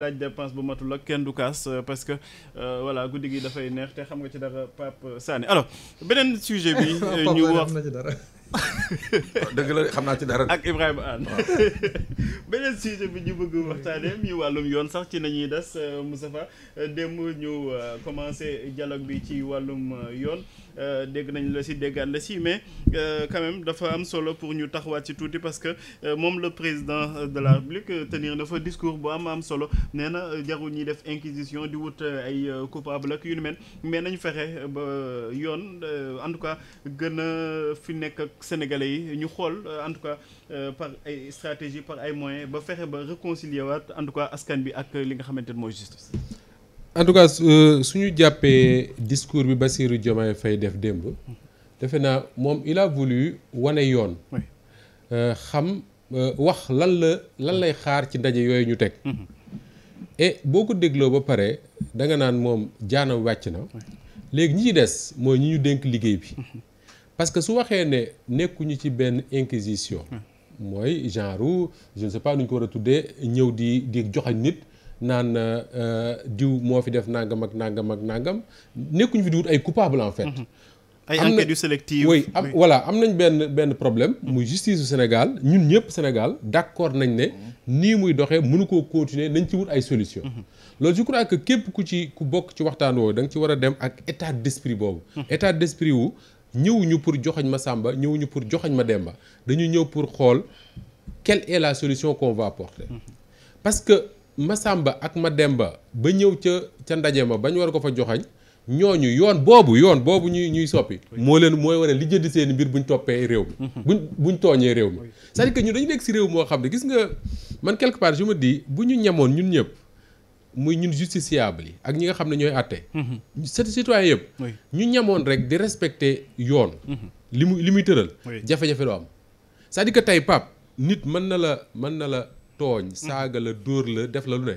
laaj dépense bu matul ak kenn du kaas euh, parce que euh, voilà guddi gi dafay neex te xam nga ci dara Pape sànni alors beneen sujet bi euh, ñu wax dëgg la xam naa ci dara ak Ibrahima Anne beneen bi ñu bëgg waxtaanee mi wàllum yoon sax ci nañuy des Moustapha démb ñu commencé jaloog bi ci wàllum yoon Euh, dégg nañ la si déggaat la si mais euh, quand même dafa am solo pour ñu taxawaat ci tuuti parce que euh, moom le président de la République tenir na fa discours bu am am solo nee na jarul ñuy def inquisition di wut ay coupable ak yu ni mel mais nañu fexe ba yoon en tout cas gën a fi nekk ak sénégalais yi ñu xool en tout cas par ay stratégie par ay moyens ba fexe ba réconcilier waat en tout cas askan bi ak li nga xamante ne mooy justice en tout cas euh, suñu jàppee discours bi ba Bassirou Diomaye fay def démb defe naa moom il a wane yoon euh, xam euh, wax lan la lan lay xaar ci ndaje yooyu ñu teg mhm. et boo ko dégloo ba pare da nga naan moom jaanam wàcc na léegi ñi ci des mooy ñi ñu dénk liggéey bi mhm. parce que su waxee ne nekkuñu ci benn inquisition mooy genre je ne sais pas nu ñu ko war a tuddee ñëw di di joxañ nit naan euh, euh, diw moo fi def nangam ak nangam ak nangam nekkuñu fi di wut ay coupable en fait. Mm-hmm. ay enquêtes yu sélectives oui am voilà am nañ benn benn problème. Mm-hmm. mu justice du Sénégal ñun ñëpp Sénégal d'accord nañ ne. Mm-hmm. nii muy doxee mënu koo continuer nañ ci wut ay solution loolu je crois que képp ku ci ku bokk ci waxtaan woo da nga ci war a dem ak état d'esprit boobu. état d'esprit wu ñëwuñu pour joxañ ma Samba ñëwuñu pour joxañ ma Demba dañu ñëw pour xool quelle et la solution qu'on ma Masamba ak Mademba ba ñëw ca ca ndaje ma bañ war ko fa joxañ ñu yoon boobu yoon boobu ñuy ñuy soppi moo leen mooy war a lijjanti seen mbir buñ toppee réew mi mhm. buñ tooñee réew mi cest à ñu dañu nekk si moo xam ne gis nga man quelque part je me dis ñu ñamoon ñun ñëpp muy ñun justiciable ñi nga xam ne ñooy àtte mhm. seen citoyen yëpp ñu ñamoon rek di respecter mhm. li mu li muy tëral jafe-jafe doo am c'est-à-dire que tey pap nit mën na la mën na la tooñ mm-hmm. saaga la dóor la def la lu ne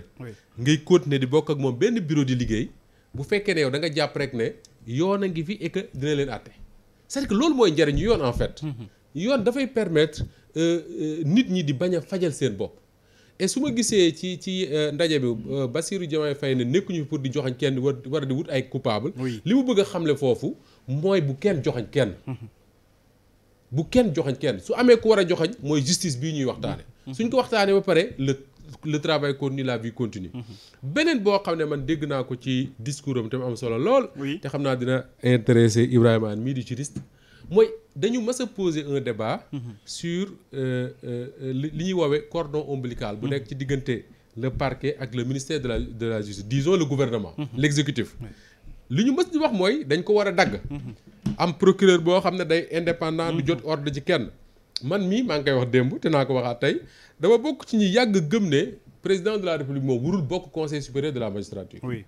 ngay continuer di bokk ak moom benn bureau di liggéey bu fekkee ne yow da nga jàpp rek ne yoon a ngi fi et dina leen àtte c'est que loolu mooy njëriñu yoon en fait mm-hmm. yoon dafay permettre euh, euh, nit ñi di bañ a fajal seen bopp et su ma gisee ci ci euh, ndaje bi Bassirou Diomaye Faye ne nekkuñu fi pour di joxañ kenn war a di wut ay coupable li mu bëgg a xamle foofu mooy bu kenn joxañ kenn mm-hmm. bu kenn joxañ kenn su amee ku war a joxañ mooy justice bii ñuy waxtaane Mm-hmm. suñ ko waxtaanee ba pare le le travail continue la vie continue mm-hmm. beneen boo xam ne man dégg naa ko ci discours am te mu am solo lool. te xam naa dina intéressé Ibrahima Anne mii di juriste mooy dañu mës a poser un débat. Mm-hmm. sur euh, euh, li ñuy woowee cordon ombilical. bu nekk ci diggante le parquet ak le ministère de la de la justice disons le gouvernement. l'exécutif. li ñu mës di wax mooy dañ ko war a dagg. am procureur boo xam ne day indépendant. du jot ordre ci kenn. man mii maa ngi koy wax démb te naa ko waxaat tey dama bokk ci ñi yàgg gëm ne président de la république moom warul bokk conseil supérieur de la magistrature. oui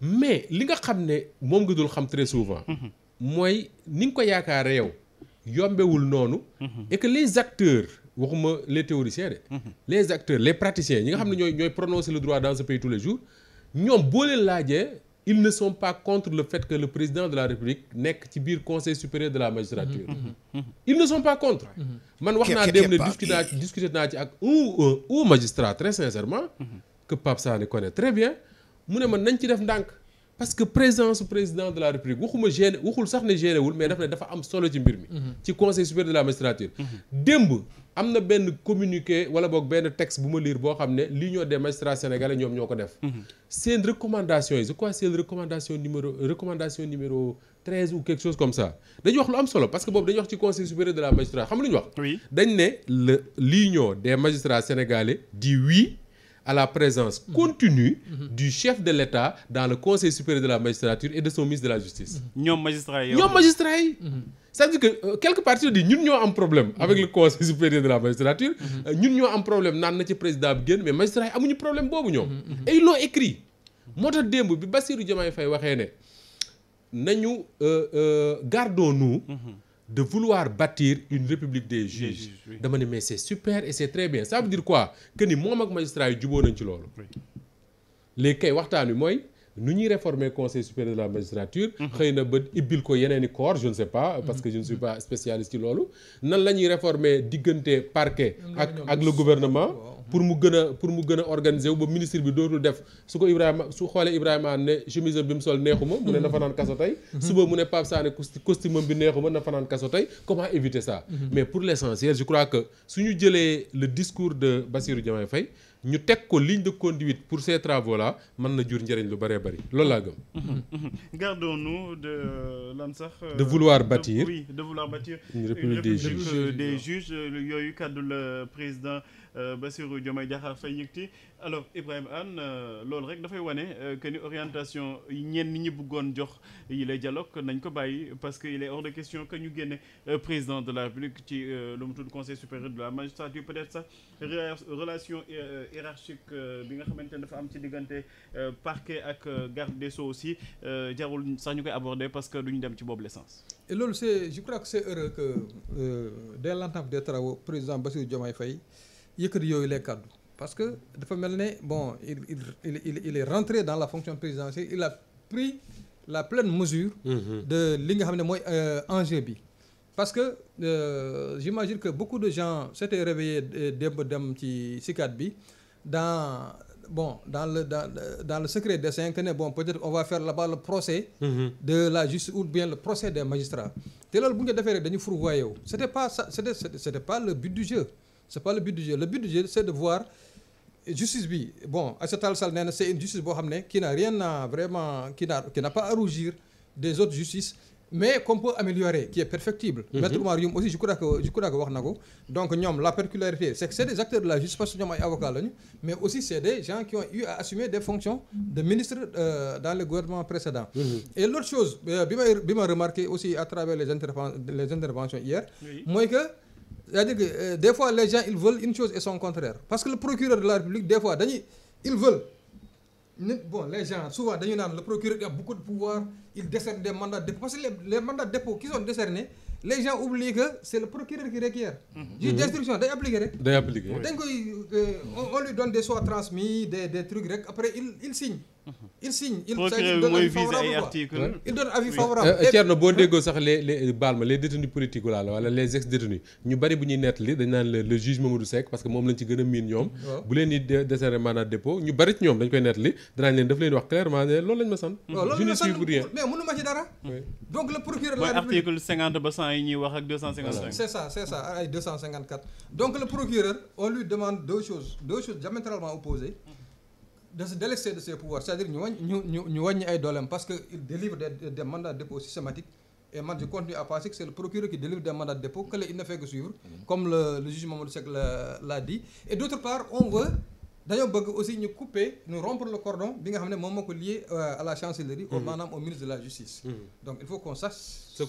mais li nga xam ne moom nga dul xam très souvent. Mm-hmm. mooy ni nga ko yaakaaree yow yombewul noonu. Mm-hmm. et que les acteurs waxuma les théoriciens de. Mm-hmm. les acteurs les praticiens ñi nga xam ne ñooy ñooy prononcer le droit dans ce pays tous les jours ñoom boo leen laajee. ils ne sont pas contre le fait que le président de la république nekk ci biir conseil supérieur de la magistrature mm-hmm. Mm-hmm. Mm-hmm. ils ne sont pas contre man wax naa dem ne discuté naa discuté naa ci ak un un magistrat très sincèrement que Pape Sané connaît très bien mu ne man nañ ci def ndànk parce que présence président de la république waxuma gêné waxul sax ne gêné wul mais daf ne dafa am solo ci mbir mi. Mhm. ci conseil supérieur de la magistrature. Mhm. démb am na benn communiqué wala boog benn texte bu ma liir boo xam ne lii l'union des magistrats sénégalais ñoom ñoo ko def. Mhm. seen recommandation yi je crois seen recommandation numéro recommandation numéro treize ou quelque chose comme ça dañu wax lu am solo parce que boobu dañu wax ci conseil supérieur de la magistrature xam lu ñu à la présence mhm. continue mhm. du chef de l'État dans le Conseil supérieur de la magistrature et de son ministre de la justice. ñoom magistrats yi ñoom magistrats yi. Mhm. cest dire que euh, quelque part di ñun ñoo am problème. avec le conseil supérieur de la magistrature. Euh, ñun ñoo am problème naan na ci président bi génn mais magistrat yi amuñu problème boobu ñoom. et ils l'ont écrit. moo tax démb bi Bassirou Diomaye Faye waxee ne nañu euh, euh, gardons-nous. de vouloir bâtir une république des juges dama ne mais c'est super et c'est très bien ça veut dire quoi que ni moom ak magistrat yi juboo nañ ci loolu léegi kay waxtaan wi mooy nu ñuy réformer conseil supérieur de la magistrature. Mhm. xëy na ba ibbil ko yeneeni i corps je ne sais pas. Mhm. parce que je ne suis pas spécialiste ci loolu. nan la ñuy réformer diggante parquet. ak ak le gouvernement. pour mu gën a pour mu gën a organiser wu ba ministre bi dootul def su ko Ibrahima su xoolee Ibrahima ne chemise bi mu sol neexuma mu ne na fanaan kaso tey. Mhm. suba mu ne Pape Sané costume bi neexuma na fanaan kaso tey comment éviter ça. mais pour les essentiel je crois que su jëlee le discours de Bassirou Diomaye Faye. ñu teg ko ligne de conduite pour ces travaux là mën na jur njëriñ lu bëree bëri loolu laa gëm. gardons-nous de euh, lan sax. Euh, de vouloir bâtir de vouloir bâtir. une république des juges euh, des juges yooyu kàddu la président. Euh, Bassirou Diomaye Diakhar Faye yëgti alors Ibrahima Anne euh, loolu rek dafay wane euh, que ni orientation ñenn ñi bëggoon jox yi lay dialogue nañ ko bàyyi parce que il est hors de question que ñu génne président de la République ci lu mu tudd conseil supérieur de la magistrature peut-être sax relation hiérarchique bi nga xamante ne dafa am ci diggante parquet ak garde de so aussi jarul sax ñu koy aborder parce que duñu dem ci boobu l'essence et loolu c'est je crois que c'est heureux que euh, dès l'entame des travaux président Bassirou Diomaye Faye yëkkati yooyu les kàddu parce que dafa mel ne bon il il il il est rentré dans la fonction présidentielle il a pris la pleine mesure. Mhm. de li nga xam ne mooy euh, enjeu bi. parce que euh, j'imagine que beaucoup de gens s'étaient réveillés euh, démb dem ci CICAD bi dans bon dans le dans, dans le secret des cinq ne bon peut-être on va faire là-bas le procès. Mhm. de la justice ou bien le procès des magistrats. te loolu bu ñu dañu fourvoyé wu c'était pas c'était pas le but du jeu. c'est pas le but du jeu le but du jeu c'est de voir justice bi bon Aïssata Tall Sall nee na c'est une justice boo xam ne qui n'a rien à vraiment qui n'a pas à rougir des autres justices mais qu'on peut améliorer qui est perfectible mm -hmm. maître aussi je crois wax na donc ñoom la particularité c'est que c'est des acteurs de la justice parce que ñoom ay avocats lañu mais aussi c'est des gens qui ont eu à assumer des fonctions de ministre euh, dans le gouvernement c'est-à-dire que euh, des fois les gens ils veulent une chose et son contraire parce que le procureur de la République des fois dañuy ils nit bon les gens souvent dañu naan le procureur il a beaucoup de pouvoir il décerne des mandats de dépôt parce que les, mandats de dépôt qui sont décernés les gens oublient c'est le procureur qui requiert mhm. juge mhm. d'instruction day appliquer rek day appliquer euh, on lui donne des soins transmis des des rek après il signe il signe il mooy vise ay articles il donne euh, boo déggoo sax les les baal ma les détenus politiques laa la wala les ex détenus ñu bari bu ñuy nettali dañ naan le juge Mamadou Seck parce que moom lañ ci gën a miin ñoom bu leen di décerner mandat ñu bari ñoom dañ koy nettali danañ leen daf leen wax clairement ne lañ ma sant je ne ci dara donc le procureur de la République ba 100 yi ñuy wax ak c'est ça c'est ça ay deux choses deux choses de se délester de ses pouvoirs c'est-à-dire ñu wàññi ñu ñu ñu wàññi ay dooleem parce que il délivre des des mandats de dépôt et man je continue à penser que c'est le procureur qui délivre des mandats de dépôt que il ne fait suivre mm-hmm. comme le le juge Mamadou Seck la l'a et d'autre part on veut dañoo bëgg aussi ñu couper ñu rompre le cordon bi nga xam ne moom moo ko lié euh, à la chancellerie au mm-hmm. maanaam au ministre de la justice mm-hmm. donc il faut qu'on sache que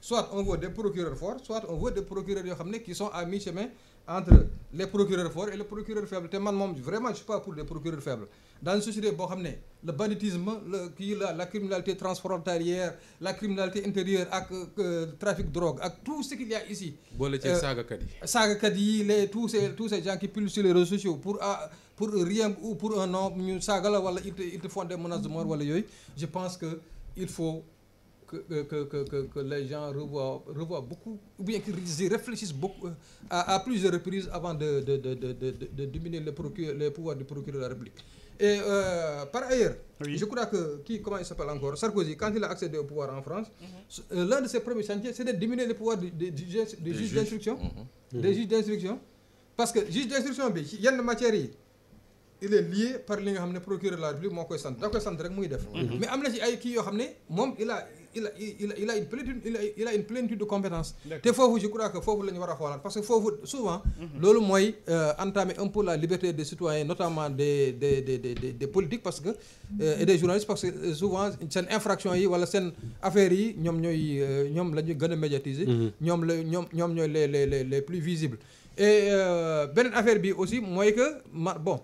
soit on veut des procureurs forts soit on veut des procureurs yoo xam ne qui sont à mi-chemin entre les procureurs forts et les procureurs faibles te man moom vraiment je suis pas pour les procureurs faibles dans société boo xam ne le banditisme le kii la la criminalité transfrontalière la criminalité intérieure ak euh, trafic drogue ak tout ce qu'il y a ici boole ci euh, saagakat yi saagakat yi les tous ces tous ces gens qui sur les réseaux sociaux pour a ah, pour rien ou pour un nom ñu la wala ils te ils te font des wala yooyu je pense que il faut que, que, que, que, les gens revoient, beaucoup, ou bien qu'ils réfléchissent beaucoup, euh, à, plusieurs reprises avant de, dominer les, les pouvoirs la République. Et euh, par ailleurs, je crois que, comment il s'appelle encore, Sarkozy, quand il a accédé au pouvoir en France, mm-hmm. euh, l'un de ses premiers chantiers, c'est de diminuer les pouvoirs des juges d'instruction. Mm-hmm. Des juges d'instruction. Parce que juge d'instruction, il y a une il est lié par li nga xam ne mm-hmm. a il a il a il a une plénitude il de compétences. te foofu je crois que foofu la war a xoolaat parce que foofu souvent. Mhm. loolu mooy euh, entamer un peu la liberté des citoyens notamment des des des des des politiques parce que. Euh, et des journalistes parce que euh, souvent seen infraction yi wala seen affaires yi ñoom ñooy ñoom la ñuy gën a médiatiser. Mhm. ñoom la ñoom ñoom ñooy les les les plus visibles. et beneen affaire bi aussi mooy que ma bon.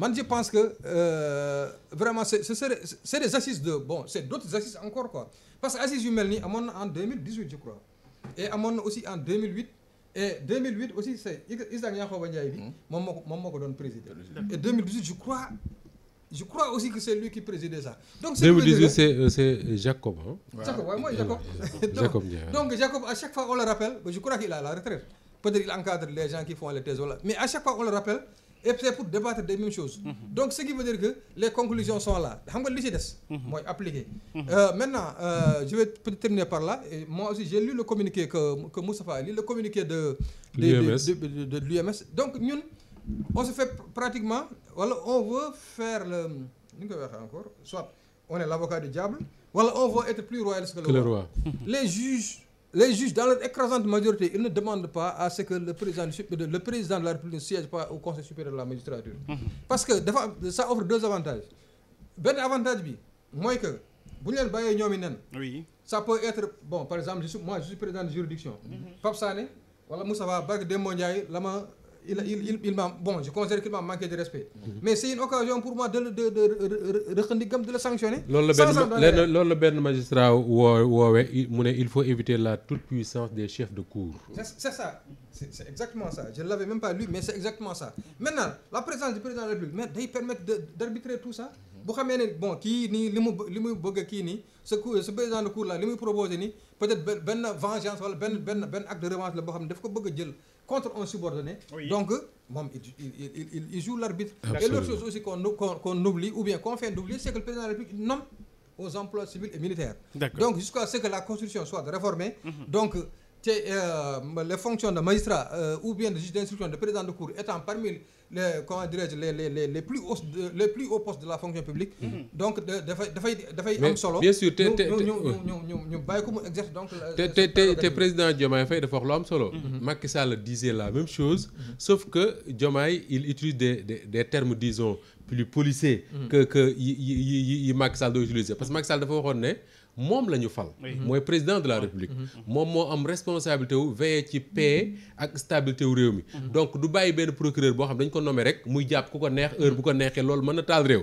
man je pense que euh, vraiment c'est c'est des de bon c'est d'autres assises encore quoi parce que assises yu mel nii amoon na en 2018 je crois et amoon na aussi en 2008 et 2008 aussi c'est Isaac Yankhoba Ndiaye bi hmm. moom moo ko moom moo ko doon présider et 2018 je crois je crois aussi c'est lui qui présidait ça donc c'est euh, Jacob Jacob waaw mooy Jacob donc Jacob à chaque fois on le rappelle je crois qu'il est à la retraite peut-être il encadre les gens qui font les thèses wala mais à chaque fois on et c'est pour débattre des mêmes choses. Mm-hmm. donc ce qui veut dire que les conclusions sont là xam nga li ci mm-hmm. appliquer. Mm-hmm. Euh, maintenant euh, je vais terminer par là et moi aussi j'ai lu le communiqué que que Moustapha lu le communiqué de. de l'UMS donc ñun on se fait pratiquement wala on veut faire le ni nga koy waxee encore soit on est l'avocat du diable wala on veut être plus royaliste que le roi. les juges. les juges dans leur écrasante majorité ils ne demandent pas à ce que le président de la République ne siège pas au conseil supérieur la magistrature. Mhm. parce que dafa ça offre deux avantages. benn avantage bi mooy que bu ñu leen bàyyee ñoom nen. oui ça peut être bon par exemple je président de juridiction. Mhm. Pape wala Moustapha Barke Demba Ndiaye la ma. il il il, il m'a bon je considère qu'il m'a manqué de respect. Mhm. mais c'est une occasion pour moi de de de rëqandigam de le sanctionner. loolu la benn loolu la benn magistrat woo woowee mu ne il faut éviter la toute puissance des chefs de cour. c'est c'est ça c'est, c'est exactement ça je l'avais même pas lu mais c'est exactement ça maintenant la présence du président de la République mais day permettre de d'arbitrer tout ça. bu xamee ne bon kii nii li mu li muy bëgg kii nii ce cour ce président de cour là li muy proposé nii peut-être benn vengeance wala benn benn benn acte de revanche la boo xam ne daf ko bëgg a jël. contre un subordonné. Oui. donc moom il il il il joue l'arbitre. et l'autre chose aussi qu'on qu'on qu'on oublie ou bien qu'on fait d'oublier c'est que le président de la République nomme aux emplois civils et militaires. D'accord. donc jusqu'à ce que la constitution soit réformée. Mm-hmm. donc te eh, les fonctions de magistrat eh, ou bien de juge d'instruction de président de cour étant parmi les comment dirais-je les les les plus hauts les de la fonction publique. Mm-hmm. donc dafay dafay dafay am solo. bien sûr te te ñu ñu ñu ñu bàyyi ko mu exerce donc. Euh, te te te président Diomaye Faye dafa wax lu am solo. Mm-hmm. Macky Sall disait la même chose. Mm-hmm. sauf que Diomaye il utilise des des des termes disons plus policés. que que yi yi yi Macky utiliser parce que Macky Sall dafa waxoon ne. moom la ñu fal. mooy président de la république. Mhm. Mhm. moom moo am responsabilité wu veiller ci paix mhm. ak stabilité réew mi. donc du bàyyi benn procureur boo xam dañ ko nommé rek muy jàpp ku ko neex heure bu ko neexee loolu mën na taal réew.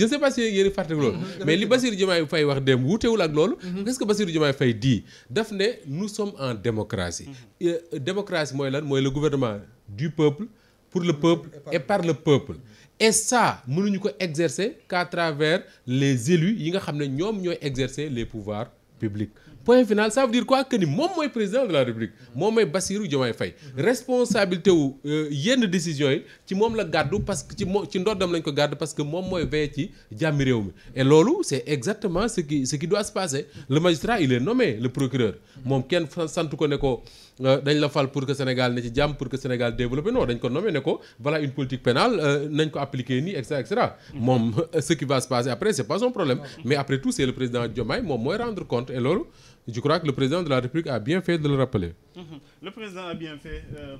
je sais pas si yéen loolu. mais li Bassirou Diomaye Faye wax dem wuutewul ak loolu. qu'est-ce que Bassirou Diomaye Faye di daf ne nous sommes en démocratie. Euh, démocratie mooy lan mooy la gouvernement du peuple. pour le peuple et par le peuple et ça mënuñu ko exercer qu'à travers les élus yi nga xam ne ñoom ñooy exercer les pouvoirs publics point final ça veut dire quoi que ni moom mooy président de la république moom mooy Bassirou Diomaye Faye responsabilité wu euh, yenn décisions yi ci moom la gàddu parce que ci moo ci ndoddam lañ ko gàddu parce que moom mooy veille ci jàmmi réew mi loolu c'est exactement ce qui ce qui doit se passer le magistrat il est nommé le procureur moom kenn sant ko ne ko Euh, dañ la fal pour que Sénégal ne ci jàmm pour que Sénégal développé non dañ ko nommé ne ko voilà une politique pénale euh, nañ ko appliquer nii et cetera moom ce qui va se passer après c'est pas son problème. mais après tout c'est le président Diomaye moom mooy rendre compte et loolu je crois que le président de la République a bien fait de le rappeler. Mhm.